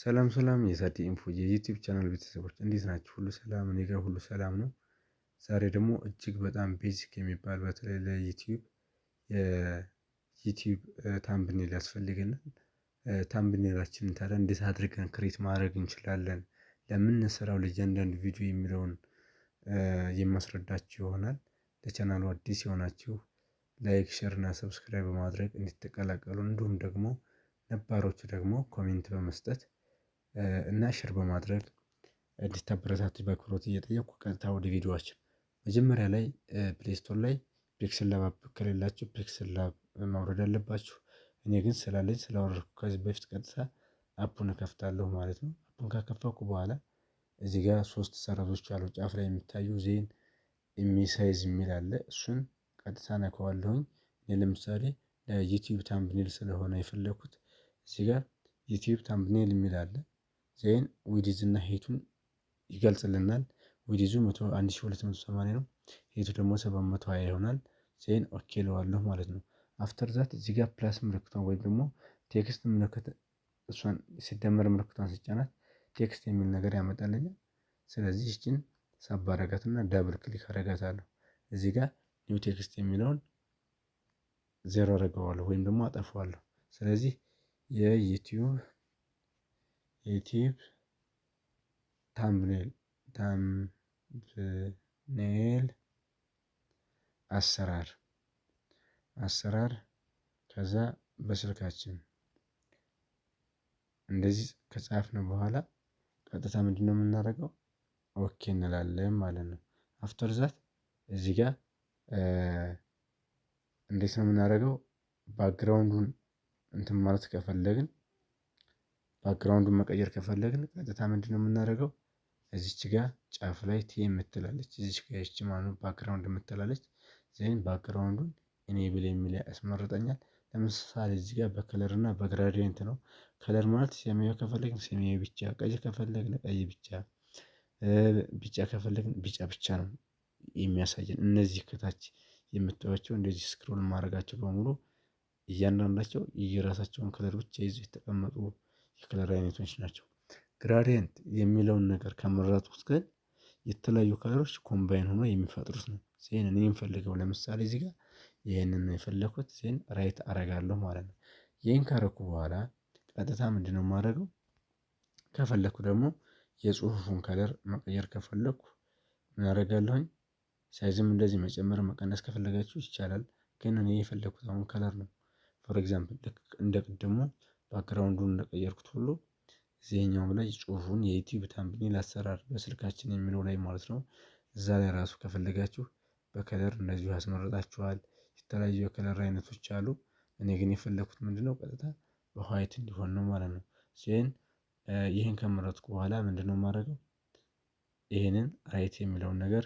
ሰላም ሰላም የሳዲ ኢንፎ የዩቲዩብ ቻናል ቤተሰቦች እንዴት ናችሁ? ሁሉ ሰላም፣ እኔ ጋር ሁሉ ሰላም ነው። ዛሬ ደግሞ እጅግ በጣም ቤዚክ የሚባል በተለይ ለዩቲዩብ የዩቲዩብ ታምብኔል ያስፈልገናል። ታምብኔላችንን ታዲያ እንዴት አድርገን ክሬት ማድረግ እንችላለን ለምንሰራው ለእያንዳንዱ ቪዲዮ የሚለውን የማስረዳችሁ ይሆናል። ለቻናሉ አዲስ የሆናችሁ ላይክ፣ ሸር እና ሰብስክራይብ በማድረግ እንድትቀላቀሉ እንዲሁም ደግሞ ነባሮቹ ደግሞ ኮሜንት በመስጠት እና ሽር በማድረግ እንድታበረታቱኝ በአክብሮት እየጠየኩ ቀጥታ ወደ ቪዲዮአችን። መጀመሪያ ላይ ፕሌይ ስቶር ላይ ፒክስል ላብ አፕ ከሌላችሁ ፒክስል ላብ ማውረድ አለባችሁ። እኔ ግን ስላለኝ ስላወረድኩ ከዚህ በፊት ቀጥታ አፑን እከፍታለሁ ማለት ነው። አፑን ከከፈኩ በኋላ እዚህ ጋር ሶስት ሰረዞች አሉ ጫፍ ላይ የሚታዩ ዜን ኢሜሳይዝ የሚል አለ። እሱን ቀጥታ ነከዋለሁኝ። እኔ ለምሳሌ ለዩቲዩብ ታምብኔል ስለሆነ የፈለኩት እዚህ ጋር ዩቲዩብ ታምብኔል የሚል አለ ዜን ዊዲዝ እና ሄቱን ይገልጽልናል። ዊዲዙ መቶ መቶ ነው። ሄቱ ደግሞ 720 ይሆናል። ዜን ኦኬ ለዋለሁ ማለት ነው። አፍተር ዛት እዚህ ጋር ፕላስ ምልክቷን ወይም ደግሞ ቴክስት ምልክት እሷን ሲደመር ምልክቷን ስጫናት ቴክስት የሚል ነገር ያመጣልኛል። ስለዚህ ይችን ሳብ እና ዳብል ክሊክ አረጋታለሁ። እዚህ ጋር ኒው ቴክስት የሚለውን ዜሮ አረገዋለሁ ወይም ደግሞ አጠፋዋለሁ። ስለዚህ የዩቲዩብ የዩቲዩብ ታምብኔል ታምብኔል አሰራር አሰራር ከዛ በስልካችን እንደዚህ ከጻፍን በኋላ ቀጥታ ምንድነው የምናደርገው? ኦኬ እንላለን ማለት ነው። አፍተር ዛት እዚህ ጋር እንዴት ነው የምናደርገው? ባክግራውንዱን እንትን ማለት ከፈለግን ባክግራውንዱን መቀየር ከፈለግን ቀጥታ ምንድነው የምናደርገው? እዚች ጋ ጫፍ ላይ ቲ የምትላለች እዚች ጋ ይቺ ማኑ ባክግራውንድ የምትላለች ዜን ባክግራውንዱን ኢኔብል የሚል ያስመርጠኛል። ለምሳሌ እዚህ ጋር በከለር እና በግራዲየንት ነው። ከለር ማለት ሰማያዊ ከፈለግን ሰማያዊ ብቻ፣ ቀይ ከፈለግን ቀይ ብቻ፣ ቢጫ ከፈለግን ቢጫ ብቻ ነው የሚያሳየን። እነዚህ ከታች የምታዩቸው እንደዚህ ስክሮል ማድረጋቸው በሙሉ እያንዳንዳቸው የራሳቸውን ከለር ብቻ ይዘው የተቀመጡ የከለር አይነቶች ናቸው። ግራዲየንት የሚለውን ነገር ከመረጥኩት ግን የተለያዩ ከለሮች ኮምባይን ሆኖ የሚፈጥሩት ነው። ሴን እኔ የምፈልገው ለምሳሌ እዚህ ጋር ይህንን ነው የፈለግኩት። ዜን ራይት አረጋለሁ ማለት ነው። ይህን ካረኩ በኋላ ቀጥታ ምንድነው የማደርገው? ከፈለኩ ደግሞ የጽሁፉን ከለር መቀየር ከፈለኩ ምን አረጋለሁኝ? ሳይዝም እንደዚህ መጨመር መቀነስ ከፈለጋችሁ ይቻላል። ግን እኔ የፈለግኩት አሁን ከለር ነው። ፎር ኤግዛምፕል እንደ ቅድሙ ባክግራውንዱን እንደቀየርኩት ሁሉ እዚህኛውም ላይ ጽሁፉን የዩቲዩብ ታምብኔል አሰራር በስልካችን የሚለው ላይ ማለት ነው። እዛ ላይ ራሱ ከፈለጋችሁ በከለር እንደዚሁ ያስመረጣችኋል። የተለያዩ የከለር አይነቶች አሉ። እኔ ግን የፈለኩት ምንድነው ቀጥታ በኋይት እንዲሆን ነው ማለት ነው። ሲን ይህን ከመረጥኩ በኋላ ምንድነው የማደርገው? ይህንን ራይት የሚለውን ነገር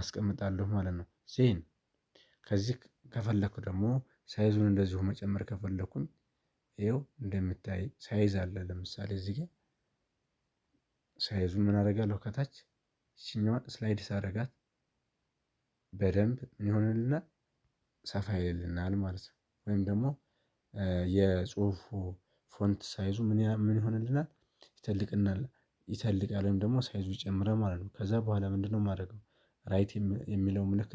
አስቀምጣለሁ ማለት ነው። ሴን ከዚህ ከፈለኩ ደግሞ ሳይዙን እንደዚሁ መጨመር ከፈለኩኝ ይኸው እንደምታይ ሳይዝ አለ። ለምሳሌ እዚህ ጋር ሳይዙ ምን አደርጋለሁ? ከታች ይችኛዋን ስላይድ ሳደርጋት በደንብ ምን ይሆንልናል? ሰፋ ይልልናል ማለት ነው። ወይም ደግሞ የጽሁፉ ፎንት ሳይዙ ምን ይሆንልናል? ይተልቅናል ይተልቃል ወይም ደግሞ ሳይዙ ይጨምረ ማለት ነው። ከዛ በኋላ ምንድነው የማደርገው? ራይት የሚለው ምልክት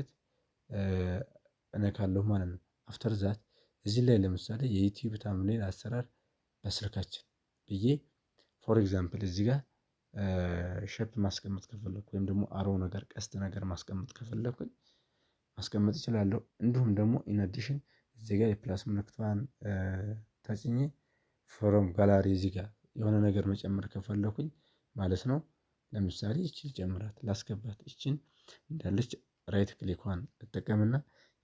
እነካለሁ ማለት ነው። አፍተር ዛት እዚህ ላይ ለምሳሌ የዩቲዩብ ታምኔል አሰራር በስልካችን ብዬ ፎር ኤግዛምፕል እዚህ ጋር ሸፕ ማስቀመጥ ከፈለኩ ወይም ደግሞ አሮ ነገር ቀስት ነገር ማስቀመጥ ከፈለኩኝ ማስቀመጥ እችላለሁ። እንዲሁም ደግሞ ኢን አዲሽን እዚህ ጋር የፕላስ ምልክቷን ተጭኜ ፎረም ጋላሪ እዚህ ጋር የሆነ ነገር መጨመር ከፈለኩኝ ማለት ነው። ለምሳሌ ይችን ጨምራት ላስገባት። ይችን እንዳለች ራይት ክሊኳን እጠቀምና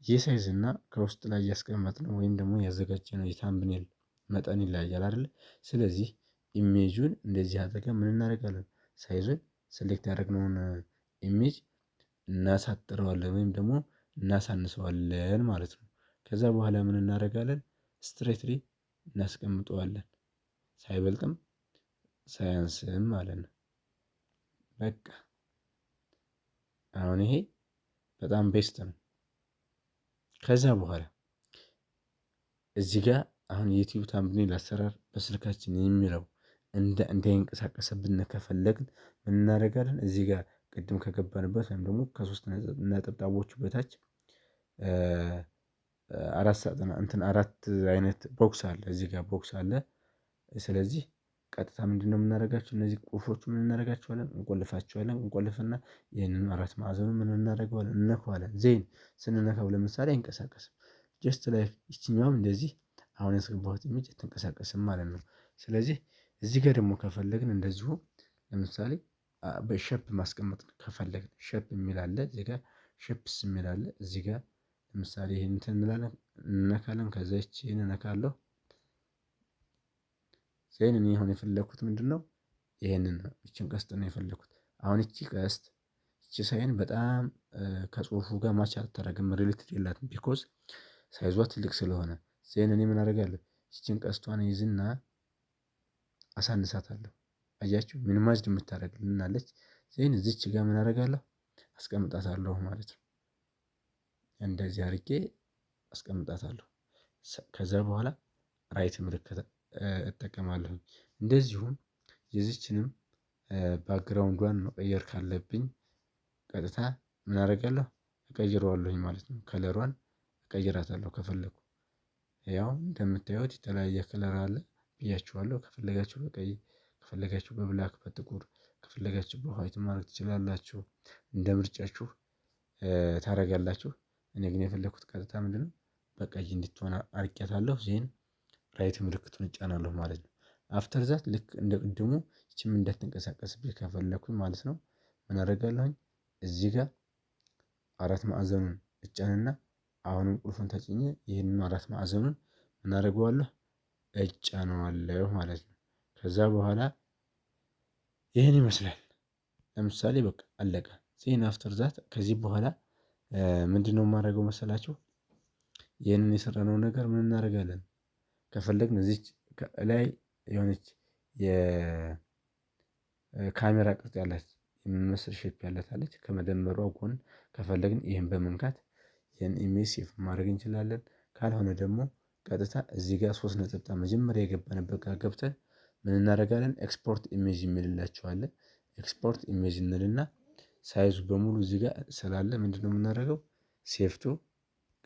ይህ ሳይዝ እና ከውስጥ ላይ ነው ወይም ደግሞ ያዘጋጀነው የታምብኔል መጠን ይለያያል አይደል? ስለዚህ ኢሜጁን እንደዚህ አድርገን ምን እናደርጋለን ሳይዙን ሴሌክት ያደረግነውን ኢሜጅ እናሳጥረዋለን ወይም ደግሞ እናሳንሰዋለን ማለት ነው። ከዛ በኋላ ምን እናደርጋለን ስትሬትሊ እናስቀምጠዋለን ሳይበልጥም ሳያንስም ማለት ነው። በቃ አሁን ይሄ በጣም ቤስት ነው ከዛ በኋላ እዚህ ጋር አሁን የዩቲዩብ ታምብኔል አሰራር በስልካችን የሚለው እንዳይንቀሳቀስብን ከፈለግን ምን እናደርጋለን? እዚህ ጋር ቅድም ከገባንበት ወይም ደግሞ ከሶስት ነጠብጣቦቹ በታች አራት ሳጥን እንትን አራት አይነት ቦክስ አለ። እዚህ ጋር ቦክስ አለ። ስለዚህ ቀጥታ ምንድን ነው የምናደርጋቸው እነዚህ ቁልፎቹ ምን እናደርጋቸዋለን እንቆልፋቸዋለን እንቆልፍና ይህንን አራት ማዕዘኑ ምን እናደርገዋለን እንነካዋለን ዜን ስንነካው ለምሳሌ አይንቀሳቀስም። ጀስት ላይክ ይችኛውም እንደዚህ አሁን ያስገባሁት ኢሜጅ አትንቀሳቀስም ማለት ነው። ስለዚህ እዚህ ጋር ደግሞ ከፈለግን እንደዚሁ ለምሳሌ በሸፕ ማስቀመጥ ከፈለግን ሸፕ የሚላለ አለ እዚህ ጋር ሼፕስ የሚል እዚህ ጋር ለምሳሌ ይሄን እንትን እንላለን እንነካለን ከዛ ይቺን እነካለሁ ግን እኔ አሁን የፈለኩት ምንድነው? ይሄንን ነው ይቺን ቀስት ነው የፈለኩት። አሁን እቺ ቀስት እቺ ሳይን በጣም ከጽሁፉ ጋር ማች አታደርግም ሪሌትድ የላትም። ቢኮዝ ሳይዟ ትልቅ ስለሆነ ዜን እኔ ምን አደርጋለሁ ይችን ቀስቷን ይዝና አሳንሳታለሁ። አያችሁ ሚኒማይዝድ የምታደርግልናለች። ዜን እዚች ጋር ምን አደርጋለሁ አስቀምጣታለሁ ማለት ነው። እንደዚህ አድርጌ አስቀምጣታለሁ። ከዛ በኋላ ራይት ምልክት እጠቀማለሁኝ። እንደዚሁም የዚችንም ባክግራውንዷን መቀየር ካለብኝ ቀጥታ ምን አደርጋለሁ እቀይረዋለሁኝ ማለት ነው። ከለሯን እቀይራታለሁ ከፈለኩ ያው እንደምታዩት የተለያየ ከለር አለ ብያችኋለሁ ከፈለጋችሁ በቀይ ከፈለጋችሁ በብላክ በጥቁር ከፈለጋችሁ በኋይት ማድረግ ትችላላችሁ እንደ ምርጫችሁ ታደርጋላችሁ። እኔ ግን የፈለኩት ቀጥታ ምንድነው? በቀይ እንድትሆን አድርጌያታለሁ ዜን ራይት ምልክቱን እጫናለሁ ማለት ነው። አፍተር ዛት ልክ እንደ ቅድሙ ይችም እንዳትንቀሳቀስብኝ ከፈለኩኝ ማለት ነው። ምን አደርጋለሁኝ እዚህ ጋር አራት ማዕዘኑን እጫንና አሁንም ቁልፉን ተጭኜ ይህንን አራት ማዕዘኑን ምን አደርገዋለሁ እጫነዋለሁ ማለት ነው። ከዛ በኋላ ይህን ይመስላል። ለምሳሌ በቃ አለቀ። ዜን አፍተር ዛት ከዚህ በኋላ ምንድነው የማደርገው መሰላችሁ? ይህንን የሰራነውን ነገር ምን እናደርጋለን ከፈለግን እዚች ላይ የሆነች የካሜራ ቅርጽ ያላት የምመስል ሼፕ ያላት ከመደመሯ ጎን ከፈለግን ይህን በመንካት ይህን ኢሜጅ ሴፍ ማድረግ እንችላለን። ካልሆነ ደግሞ ቀጥታ እዚህ ጋር ሶስት ነጠብጣብ መጀመሪያ የገባንበት ጋር ገብተን ምን እናደርጋለን? ኤክስፖርት ኢሜጅ የሚልላቸዋለን። ኤክስፖርት ኢሜጅ እንልና ሳይዙ በሙሉ እዚህ ጋር ስላለ ምንድነው የምናደርገው? ሴፍቱ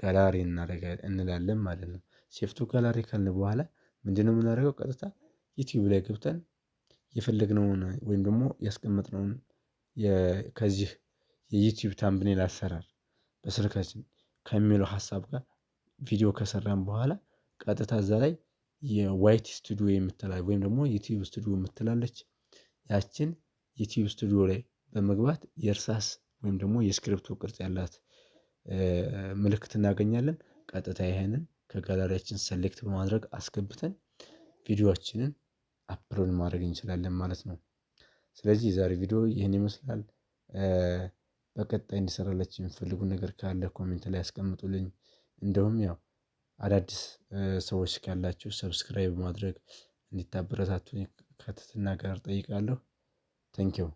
ጋላሪ እንላለን ማለት ነው። ሴቭ ጋላሪ ካልን በኋላ ምንድነው የምናደርገው? ቀጥታ ዩቲዩብ ላይ ገብተን የፈለግነውን ወይም ደግሞ ያስቀመጥነውን ከዚህ የዩቲዩብ ታምብኔል አሰራር በስልካችን ከሚለው ሀሳብ ጋር ቪዲዮ ከሰራን በኋላ ቀጥታ እዛ ላይ የዋይት ስቱዲዮ የምትላ ወይም ደግሞ ዩቲዩብ ስቱዲዮ የምትላለች ያችን ዩቲዩብ ስቱዲዮ ላይ በመግባት የእርሳስ ወይም ደግሞ የስክሪፕቱ ቅርጽ ያላት ምልክት እናገኛለን። ቀጥታ ይሄንን ከጋላሪያችን ሰሌክት በማድረግ አስገብተን ቪዲዮችንን አፕሎድ ማድረግ እንችላለን ማለት ነው። ስለዚህ የዛሬ ቪዲዮ ይህን ይመስላል። በቀጣይ እንዲሰራላችሁ የሚፈልጉ ነገር ካለ ኮሜንት ላይ ያስቀምጡልኝ። እንደውም ያው አዳዲስ ሰዎች ካላችሁ ሰብስክራይብ ማድረግ እንዲታበረታቱ ከትትና ጋር ጠይቃለሁ። ተንኪው